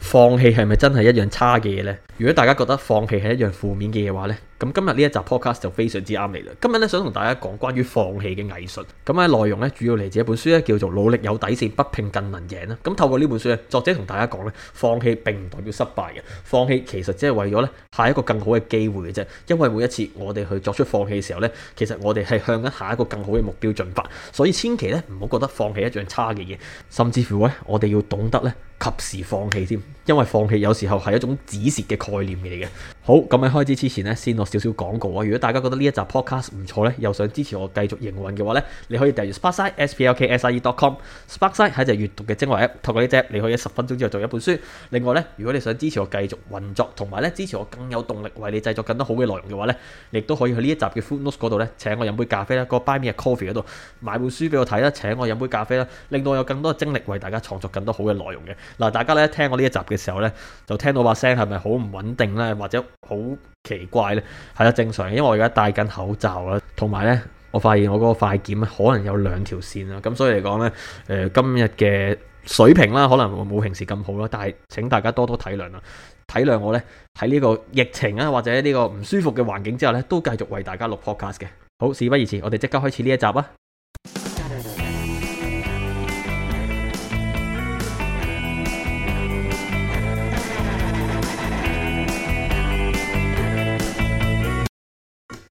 放棄係咪真係一樣差嘅嘢咧？如果大家覺得放棄係一樣負面嘅嘢嘅話咧？咁今日呢一集 podcast 就非常之啱你啦！今日咧想同大家講關於放棄嘅藝術，咁喺內容咧主要嚟自一本書咧叫做《努力有底線，不拼更能贏》啦。咁透過呢本書嘅作者同大家講咧，放棄並唔代表失敗嘅，放棄其實只係為咗咧下一個更好嘅機會嘅啫。因為每一次我哋去作出放棄嘅時候咧，其實我哋係向緊下一個更好嘅目標進發，所以千祈咧唔好覺得放棄一樣差嘅嘢，甚至乎咧我哋要懂得咧及時放棄添，因為放棄有時候係一種止蝕嘅概念嚟嘅。好，咁喺開始之前咧先少少廣告啊！如果大家覺得呢一集 podcast 唔錯咧，又想支持我繼續營運嘅話咧，你可以訂閱 spike s p l k s i dot com。spike 喺就係閱讀嘅精華 app，透過呢隻你可以喺十分鐘之後做一本書。另外咧，如果你想支持我繼續運作，同埋咧支持我更有動力為你製作更多好嘅內容嘅話咧，亦都可以去呢一集嘅 food notes 度咧請我飲杯咖啡啦，嗰個 Buy me coffee 嗰度買本書俾我睇啦，請我飲杯咖啡啦，令到我有更多嘅精力為大家創作更多好嘅內容嘅。嗱，大家咧聽我呢一集嘅時候咧，就聽到把聲係咪好唔穩定咧，或者好？奇怪咧，係啦正常，因為我而家戴緊口罩啦，同埋咧，我發現我嗰個快檢咧可能有兩條線啦，咁所以嚟講咧，誒、呃、今日嘅水平啦，可能會冇平時咁好啦，但係請大家多多體諒啦，體諒我咧喺呢個疫情啊或者呢個唔舒服嘅環境之後咧，都繼續為大家錄 podcast 嘅。好，事不宜遲，我哋即刻開始呢一集啊！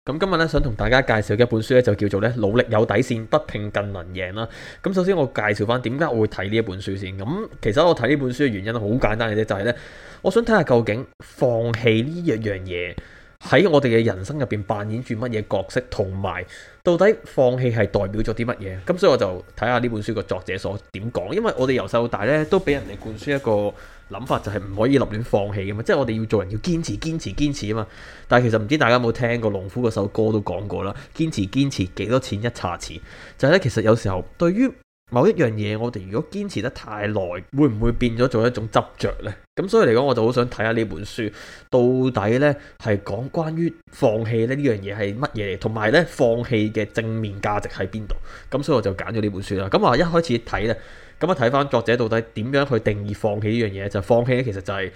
咁今日咧，想同大家介紹嘅一本書咧，就叫做咧《努力有底線，不拼更能贏》啦。咁首先我介紹返點解我會睇呢一本書先。咁其實我睇呢本書嘅原因好簡單嘅啫，就係咧，我想睇下究竟放棄呢一樣嘢喺我哋嘅人生入邊扮演住乜嘢角色，同埋到底放棄係代表咗啲乜嘢。咁所以我就睇下呢本書個作者所點講，因為我哋由細到大咧都俾人哋灌輸一個諗法就係唔可以立亂放棄嘅嘛，即係我哋要做人要堅持、堅持、堅持啊嘛。但係其實唔知大家有冇聽過農夫嗰首歌都講過啦，「堅持、堅持幾多錢一茶匙」。就係、是、咧，其實有時候對於某一樣嘢，我哋如果堅持得太耐，會唔會變咗做一種執着呢？咁所以嚟講，我就好想睇下呢本書到底呢係講關於放棄咧呢樣嘢係乜嘢，同埋呢放棄嘅正面價值喺邊度？咁所以我就揀咗呢本書啦。咁啊，一開始睇呢。咁啊，睇翻作者到底點樣去定義放棄呢樣嘢就放棄咧，其實就係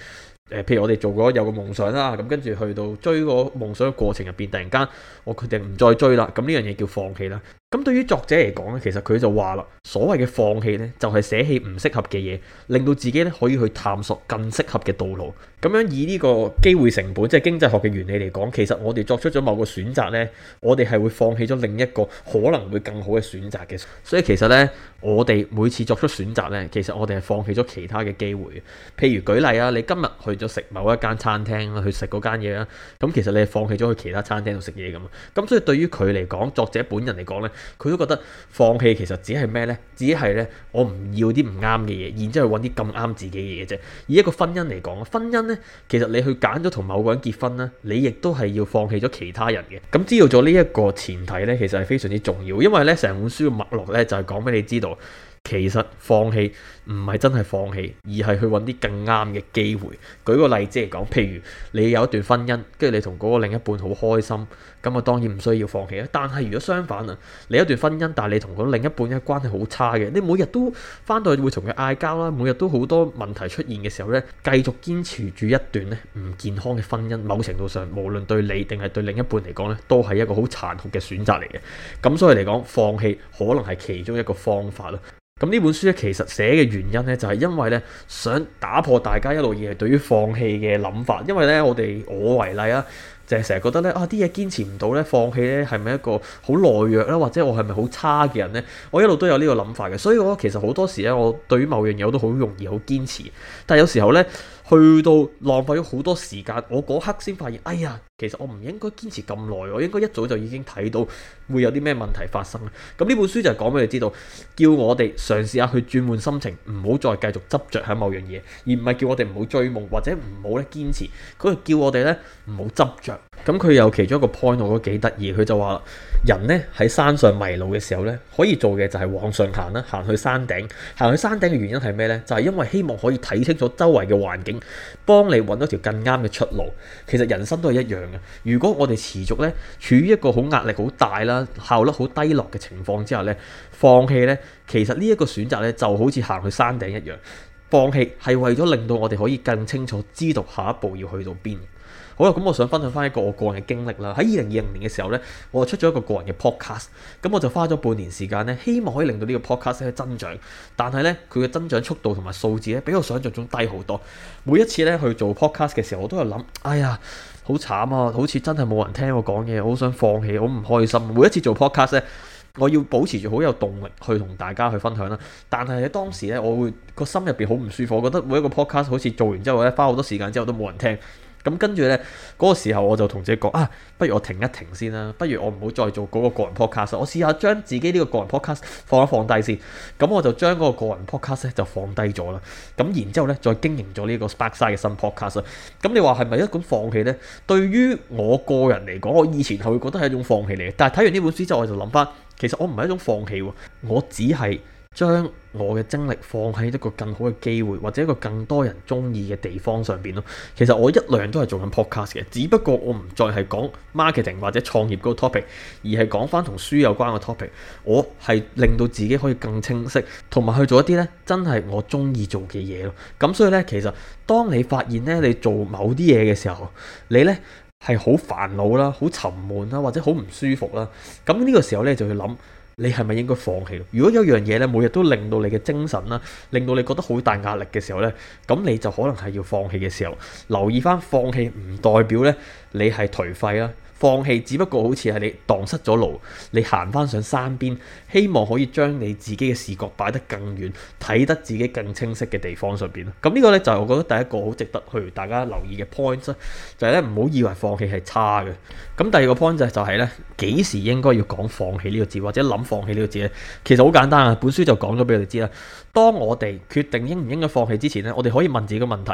誒，譬如我哋做過有個夢想啦，咁跟住去到追個夢想嘅過程入邊，突然間我決定唔再追啦，咁呢樣嘢叫放棄啦。咁對於作者嚟講咧，其實佢就話啦，所謂嘅放棄呢，就係捨棄唔適合嘅嘢，令到自己咧可以去探索更適合嘅道路。咁樣以呢個機會成本，即係經濟學嘅原理嚟講，其實我哋作出咗某個選擇呢，我哋係會放棄咗另一個可能會更好嘅選擇嘅。所以其實呢，我哋每次作出選擇呢，其實我哋係放棄咗其他嘅機會嘅。譬如舉例啊，你今日去咗食某一間餐廳，去食嗰間嘢啦，咁其實你係放棄咗去其他餐廳度食嘢噶嘛。咁所以對於佢嚟講，作者本人嚟講呢。佢都覺得放棄其實只係咩呢？只係呢，我唔要啲唔啱嘅嘢，然之後揾啲咁啱自己嘅嘢啫。以一個婚姻嚟講，婚姻呢，其實你去揀咗同某個人結婚呢，你亦都係要放棄咗其他人嘅。咁知道咗呢一個前提呢，其實係非常之重要，因為呢，成本書嘅脈絡呢，就係講俾你知道。其實放棄唔係真係放棄，而係去揾啲更啱嘅機會。舉個例子嚟講，譬如你有一段婚姻，跟住你同嗰個另一半好開心，咁啊當然唔需要放棄啦。但係如果相反啊，你一段婚姻，但係你同嗰另一半嘅關係好差嘅，你每日都返到去會同佢嗌交啦，每日都好多問題出現嘅時候呢，繼續堅持住一段呢唔健康嘅婚姻，某程度上無論對你定係對另一半嚟講呢，都係一個好殘酷嘅選擇嚟嘅。咁所以嚟講，放棄可能係其中一個方法咯。咁呢本書咧，其實寫嘅原因咧，就係因為咧，想打破大家一路以嚟對於放棄嘅諗法。因為咧，我哋我為例啊，就係成日覺得咧，啊啲嘢堅持唔到咧，放棄咧，係咪一個好懦弱咧，或者我係咪好差嘅人咧？我一路都有呢個諗法嘅，所以我其實好多時咧，我對於某樣嘢我都好容易好堅持，但係有時候咧，去到浪費咗好多時間，我嗰刻先發現，哎呀，其實我唔應該堅持咁耐，我應該一早就已經睇到會有啲咩問題發生。咁呢本書就係講俾你知道，叫我哋嘗試下去轉換心情，唔好再繼續執着喺某樣嘢，而唔係叫我哋唔好追夢或者唔好咧堅持。佢叫我哋咧唔好執着。咁佢有其中一個 point，我覺得幾得意，佢就話：人呢喺山上迷路嘅時候呢，可以做嘅就係往上行啦，行去山頂。行去山頂嘅原因係咩呢？就係因為希望可以睇清楚周圍嘅環境。幫你揾到條更啱嘅出路，其實人生都係一樣嘅。如果我哋持續咧處於一個好壓力好大啦、效率好低落嘅情況之下咧，放棄咧，其實呢一個選擇咧就好似行去山頂一樣。放棄係為咗令到我哋可以更清楚知道下一步要去到邊。好啦，咁我想分享翻一個我個人嘅經歷啦。喺二零二零年嘅時候呢，我就出咗一個個人嘅 podcast，咁我就花咗半年時間呢，希望可以令到呢個 podcast 呢增長。但係呢，佢嘅增長速度同埋數字呢，比我想像中低好多。每一次呢去做 podcast 嘅時候，我都有諗，哎呀，好慘啊，好似真係冇人聽我講嘢，好想放棄，好唔開心啊。每一次做 podcast 呢，我要保持住好有動力去同大家去分享啦。但係喺當時呢，我會個心入邊好唔舒服，我覺得每一個 podcast 好似做完之後呢，花好多時間之後都冇人聽。咁跟住咧，嗰個時候我就同自己講啊，不如我停一停先啦，不如我唔好再做嗰個個人 podcast，我試下將自己呢個個人 podcast 放一放低先。咁我就將嗰個個人 podcast 咧就放低咗啦。咁然之後咧，再經營咗呢個 Sparkside 嘅新 podcast。咁你話係咪一種放棄呢？對於我個人嚟講，我以前係會覺得係一種放棄嚟嘅。但係睇完呢本書之後，我就諗翻，其實我唔係一種放棄喎，我只係，將我嘅精力放喺一個更好嘅機會，或者一個更多人中意嘅地方上邊咯。其實我一樣都係做緊 podcast 嘅，只不過我唔再係講 marketing 或者創業嗰個 topic，而係講翻同書有關嘅 topic。我係令到自己可以更清晰，同埋去做一啲咧真係我中意做嘅嘢咯。咁所以咧，其實當你發現咧你做某啲嘢嘅時候，你咧係好煩惱啦，好沉悶啦，或者好唔舒服啦，咁呢個時候咧就去諗。你係咪應該放棄？如果有樣嘢咧，每日都令到你嘅精神啦，令到你覺得好大壓力嘅時候咧，咁你就可能係要放棄嘅時候。留意返，放棄唔代表咧你係頹廢啦。放棄，只不過好似係你蕩失咗路，你行翻上山邊，希望可以將你自己嘅視覺擺得更遠，睇得自己更清晰嘅地方上邊咯。咁呢個呢，就係我覺得第一個好值得去大家留意嘅 point，就係咧唔好以為放棄係差嘅。咁第二個 point 就係呢，係咧幾時應該要講放棄呢個字，或者諗放棄呢個字呢？其實好簡單啊。本書就講咗俾你哋知啦。當我哋決定應唔應該放棄之前呢，我哋可以問自己個問題：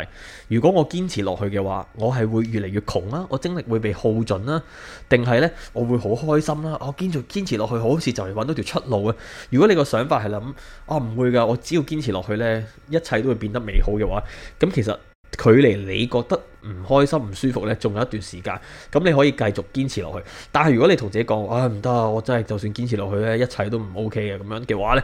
如果我堅持落去嘅話，我係會越嚟越窮啦，我精力會被耗盡啦。定係呢？我會好開心啦！我堅持堅持落去，好似就嚟搵到條出路啊！如果你個想法係諗，啊、哦、唔會噶，我只要堅持落去呢，一切都會變得美好嘅話，咁其實距離你覺得？唔開心、唔舒服咧，仲有一段時間，咁你可以繼續堅持落去。但係如果你同自己講：唉、哎，唔得啊！我真係就算堅持落去咧，一切都唔 OK 啊」咁樣嘅話咧，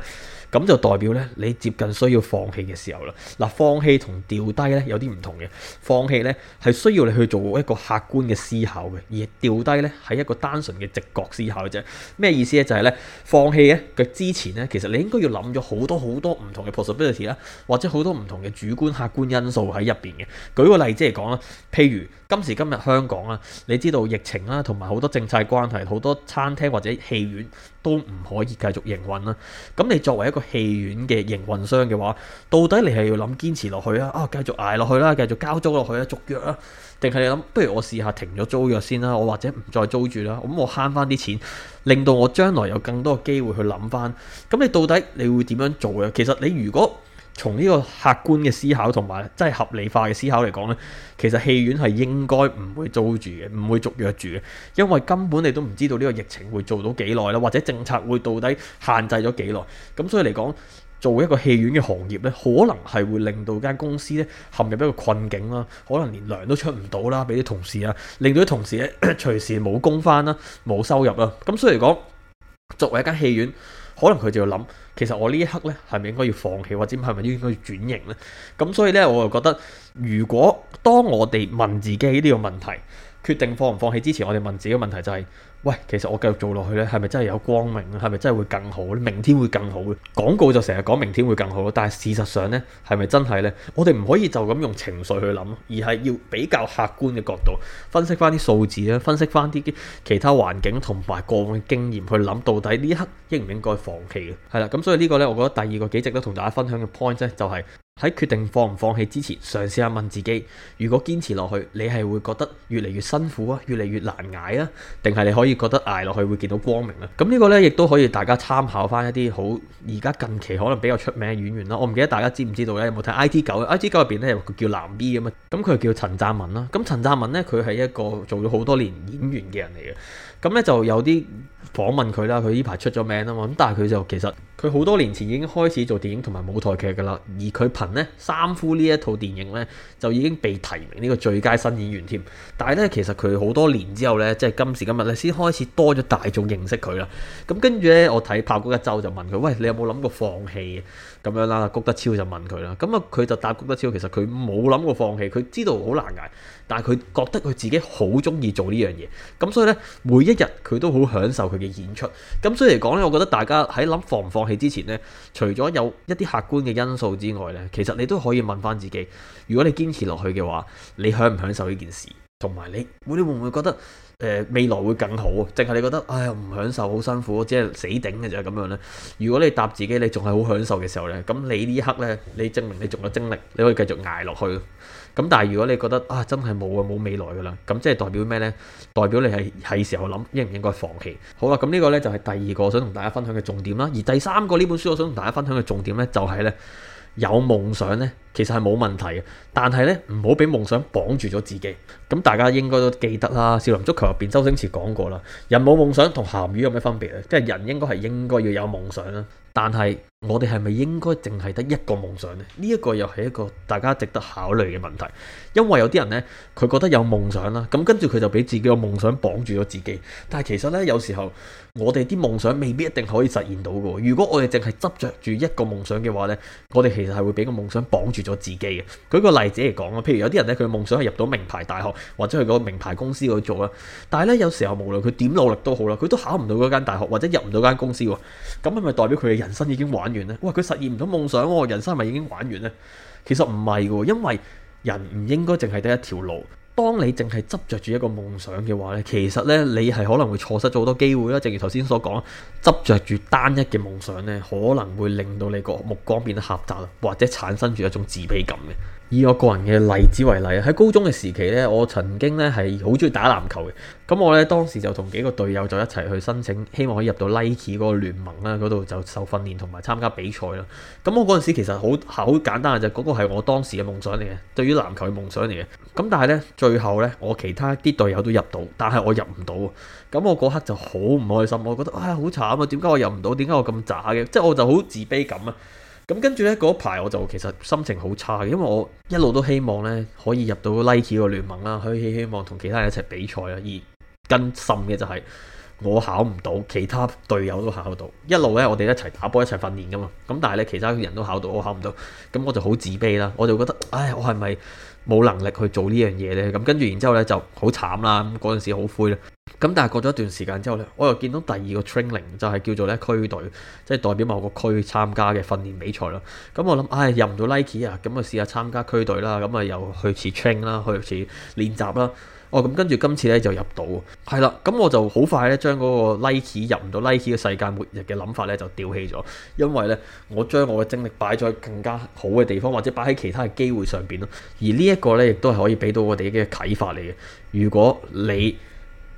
咁就代表咧你接近需要放棄嘅時候啦。嗱，放棄同掉低咧有啲唔同嘅。放棄咧係需要你去做一個客觀嘅思考嘅，而掉低咧係一個單純嘅直覺思考嘅啫。咩意思咧？就係、是、咧放棄咧嘅之前咧，其實你應該要諗咗好多好多唔同嘅 possibility 啦，或者好多唔同嘅主觀、客觀因素喺入邊嘅。舉個例子嚟講啦。譬如今時今日香港啊，你知道疫情啦，同埋好多政策關係，好多餐廳或者戲院都唔可以繼續營運啦。咁你作為一個戲院嘅營運商嘅話，到底你係要諗堅持落去啊？啊，繼續捱落去啦，繼續交租落去啊，續約啊？定係你諗不如我試下停咗租約先啦？我或者唔再租住啦？咁我慳翻啲錢，令到我將來有更多嘅機會去諗翻。咁你到底你會點樣做嘅？其實你如果從呢個客觀嘅思考同埋真係合理化嘅思考嚟講呢，其實戲院係應該唔會租住嘅，唔會續約住嘅，因為根本你都唔知道呢個疫情會做到幾耐啦，或者政策會到底限制咗幾耐。咁所以嚟講，做一個戲院嘅行業呢，可能係會令到間公司呢陷入一個困境啦，可能連糧都出唔到啦，俾啲同事啊，令到啲同事呢 隨時冇工返啦，冇收入啦。咁所以嚟講，作為一間戲院。可能佢就要諗，其實我呢一刻咧，係咪應該要放棄，或者係咪應該要轉型呢？咁所以咧，我就覺得，如果當我哋問自己呢個問題，決定放唔放棄之前，我哋問自己嘅問題就係、是：喂，其實我繼續做落去呢，係咪真係有光明咧？係咪真係會更好咧？明天會更好嘅廣告就成日講明天會更好，但係事實上呢，係咪真係呢？我哋唔可以就咁用情緒去諗，而係要比較客觀嘅角度分析翻啲數字啊，分析翻啲其他環境同埋過往嘅經驗去諗，到底呢一刻應唔應該放棄嘅？係啦，咁所以呢個呢，我覺得第二個幾值得同大家分享嘅 point 呢、就是，就係。喺決定放唔放棄之前，嘗試下問自己：如果堅持落去，你係會覺得越嚟越辛苦啊，越嚟越難捱啊？定係你可以覺得捱落去會見到光明啊？咁呢個呢，亦都可以大家參考翻一啲好而家近期可能比較出名嘅演員啦。我唔記得大家知唔知道呢，有冇睇《I T 九》？《I T 九》入邊呢，佢叫藍 B 咁啊。咁佢叫陳湛文啦。咁陳湛文呢，佢係一個做咗好多年演員嘅人嚟嘅。咁呢，就有啲訪問佢啦。佢呢排出咗名啊嘛。咁但係佢就其實。佢好多年前已經開始做電影同埋舞台劇㗎啦，而佢憑呢《三夫》呢一套電影呢，就已經被提名呢個最佳新演員添。但係呢，其實佢好多年之後呢，即係今時今日呢，先開始多咗大眾認識佢啦。咁跟住呢，我睇炮谷一週就問佢：喂，你有冇諗過、嗯、過放棄呀？咁樣啦，谷德超就問佢啦。咁啊，佢就答谷德超：其實佢冇諗過放棄，佢知道好難捱，但係佢覺得佢自己好鍾意做呢樣嘢。咁、嗯、所以呢，每一日佢都好享受佢嘅演出。咁、嗯、所以嚟講呢，我覺得大家喺諗放唔放落去之前呢，除咗有一啲客觀嘅因素之外呢，其實你都可以問翻自己：如果你堅持落去嘅話，你享唔享受呢件事？同埋你會唔會覺得誒、呃、未來會更好啊？定係你覺得唉、哎、唔享受，好辛苦，即係死頂嘅就係咁樣呢。如果你答自己你仲係好享受嘅時候呢，咁你呢刻呢，你證明你仲有精力，你可以繼續捱落去。咁但係如果你覺得啊，真係冇啊冇未來㗎啦，咁即係代表咩呢？代表你係係時候諗應唔應該放棄。好啦，咁呢個呢，就係第二個想同大家分享嘅重點啦。而第三個呢本書我想同大家分享嘅重點呢，就係呢：有夢想呢，其實係冇問題嘅，但係呢，唔好俾夢想綁住咗自己。咁大家應該都記得啦，《少林足球》入邊周星馳講過啦，人冇夢想同鹹魚有咩分別呢？即係人應該係應該要有夢想啦，但係。我哋係咪應該淨係得一個夢想呢？呢、呢、一個又係一個大家值得考慮嘅問題，因為有啲人呢，佢覺得有夢想啦，咁跟住佢就俾自己個夢想綁住咗自己。但係其實呢，有時候我哋啲夢想未必一定可以實現到嘅。如果我哋淨係執着住一個夢想嘅話呢，我哋其實係會俾個夢想綁住咗自己嘅。舉個例子嚟講啊，譬如有啲人呢，佢嘅夢想係入到名牌大學或者去個名牌公司去做啊。但係呢，有時候無論佢點努力都好啦，佢都考唔到嗰間大學或者入唔到間公司喎，咁係咪代表佢嘅人生已經玩？哇！佢實現唔到夢想喎，人生咪已經玩完呢？其實唔係嘅，因為人唔應該淨係得一條路。當你淨係執着住一個夢想嘅話呢，其實呢，你係可能會錯失咗好多機會啦。正如頭先所講，執着住單一嘅夢想呢，可能會令到你個目光變得狹窄，或者產生住一種自卑感嘅。以我個人嘅例子為例，喺高中嘅時期呢，我曾經呢係好中意打籃球嘅。咁我呢當時就同幾個隊友就一齊去申請，希望可以入到 Nike 嗰個聯盟啦，嗰度就受訓練同埋參加比賽啦。咁我嗰陣時其實好好簡單嘅，就嗰個係我當時嘅夢想嚟嘅，對於籃球嘅夢想嚟嘅。咁但係呢最後呢，我其他啲隊友都入到，但係我入唔到。咁我嗰刻就好唔開心，我覺得唉，好慘啊！點解我入唔到？點解我咁渣嘅？即係我就好自卑感啊！咁跟住呢嗰排我就其實心情好差，因為我一路都希望呢可以入到 Nike 個聯盟啦，可以希望同其他人一齊比賽啦。而更深嘅就係、是、我考唔到，其他隊友都考到，一路呢我哋一齊打波一齊訓練噶嘛。咁但係呢，其他人都考到，我考唔到，咁我就好自卑啦。我就覺得，唉、哎，我係咪冇能力去做呢樣嘢呢？咁跟住然之後呢就好慘啦。咁嗰陣時好灰啦。咁但係過咗一段時間之後咧，我又見到第二個 training 就係叫做咧區隊，即係代表某個區參加嘅訓練比賽啦。咁我諗，唉，入唔到 Nike 啊，咁啊試下參加區隊啦。咁啊又去次 training 啦，去次練習啦。哦，咁跟住今次咧就入到，係啦。咁我就好快咧將嗰個 Nike 入唔到 Nike 嘅世界末日嘅諗法咧就掉棄咗，因為咧我將我嘅精力擺咗喺更加好嘅地方，或者擺喺其他嘅機會上邊咯。而呢一個咧亦都係可以俾到我哋一啲嘅啟發嚟嘅。如果你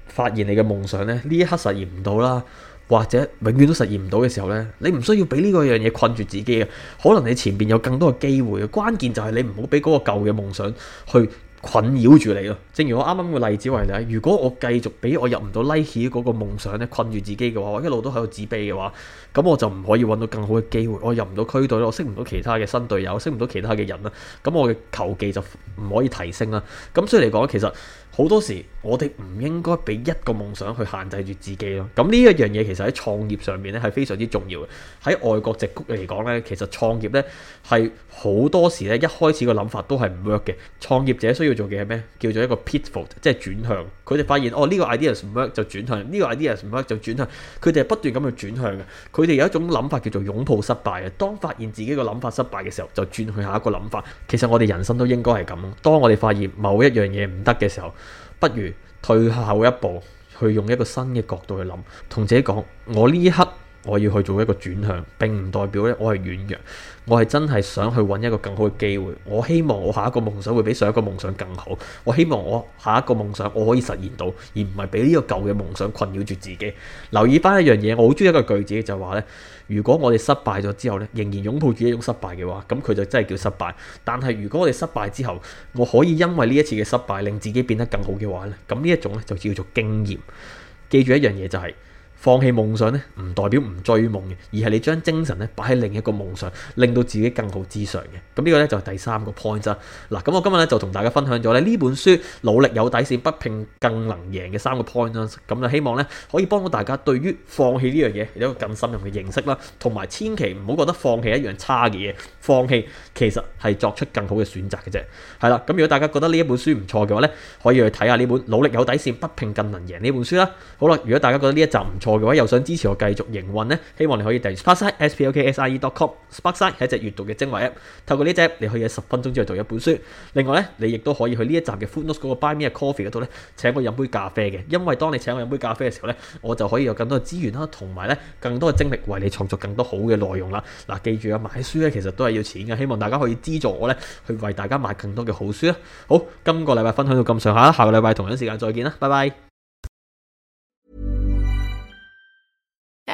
發現你嘅夢想咧，呢一刻實現唔到啦，或者永遠都實現唔到嘅時候咧，你唔需要俾呢個樣嘢困住自己嘅，可能你前邊有更多嘅機會嘅，關鍵就係你唔好俾嗰個舊嘅夢想去困擾住你咯。正如我啱啱個例子為例，如果我繼續俾我入唔到 Nike 嗰個夢想咧困住自己嘅話，我一路都喺度自卑嘅話，咁我就唔可以揾到更好嘅機會。我入唔到區隊，我識唔到其他嘅新隊友，識唔到其他嘅人啦。咁我嘅球技就唔可以提升啦。咁所以嚟講，其實好多時我哋唔應該俾一個夢想去限制住自己咯。咁呢一樣嘢其實喺創業上面咧係非常之重要嘅。喺外國籍谷嚟講咧，其實創業咧係好多時咧一開始個諗法都係唔 work 嘅。創業者需要叫做嘅係咩？叫做一個 pivot 即係轉向。佢哋發現哦，呢、這個 ideas 唔 work 就轉向，呢、這個 ideas 唔 work 就轉向。佢哋係不斷咁去轉向嘅。佢哋有一種諗法叫做擁抱失敗啊。當發現自己個諗法失敗嘅時候，就轉去下一個諗法。其實我哋人生都應該係咁咯。當我哋發現某一樣嘢唔得嘅時候，不如退後一步，去用一個新嘅角度去諗，同自己講：我呢一刻。我要去做一個轉向，並唔代表咧我係軟弱，我係真係想去搵一個更好嘅機會。我希望我下一個夢想會比上一個夢想更好。我希望我下一個夢想我可以實現到，而唔係俾呢個舊嘅夢想困擾住自己。留意返一樣嘢，我好鍾意一個句子就係話咧：如果我哋失敗咗之後咧，仍然擁抱住一種失敗嘅話，咁佢就真係叫失敗。但係如果我哋失敗之後，我可以因為呢一次嘅失敗令自己變得更好嘅話咧，咁呢一種咧就叫做經驗。記住一樣嘢就係、是。放棄夢想咧，唔代表唔追夢嘅，而係你將精神咧擺喺另一個夢想，令到自己更好之上嘅。咁呢個咧就係第三個 point 啦。嗱，咁我今日咧就同大家分享咗咧呢本書《努力有底線不拼更能贏》嘅三個 point 啦。咁就希望咧可以幫到大家對於放棄呢樣嘢有一個更深入嘅認識啦，同埋千祈唔好覺得放棄一樣差嘅嘢，放棄其實係作出更好嘅選擇嘅啫。係啦，咁如果大家覺得呢一本書唔錯嘅話咧，可以去睇下呢本《努力有底線不拼更能贏》呢本書啦。好啦，如果大家覺得呢一集唔，錯嘅話又想支持我繼續營運咧，希望你可以訂閱 Sparkside p sp o、ok、k s i d e c o m Sparkside 係 sp 一隻閲讀嘅精華 App，透過呢隻 App 你可以喺十分鐘之內讀一本書。另外咧，你亦都可以去呢一集嘅 Foodness 嗰個 Buy Me A Coffee 嗰度咧請我飲杯咖啡嘅，因為當你請我飲杯咖啡嘅時候咧，我就可以有更多嘅資源啦、啊，同埋咧更多嘅精力為你創作更多好嘅內容啦、啊。嗱、啊，記住啊，買書咧、啊、其實都係要錢嘅，希望大家可以資助我咧去為大家買更多嘅好書啦、啊。好，今個禮拜分享到咁上下，下個禮拜同樣時間再見啦，拜拜。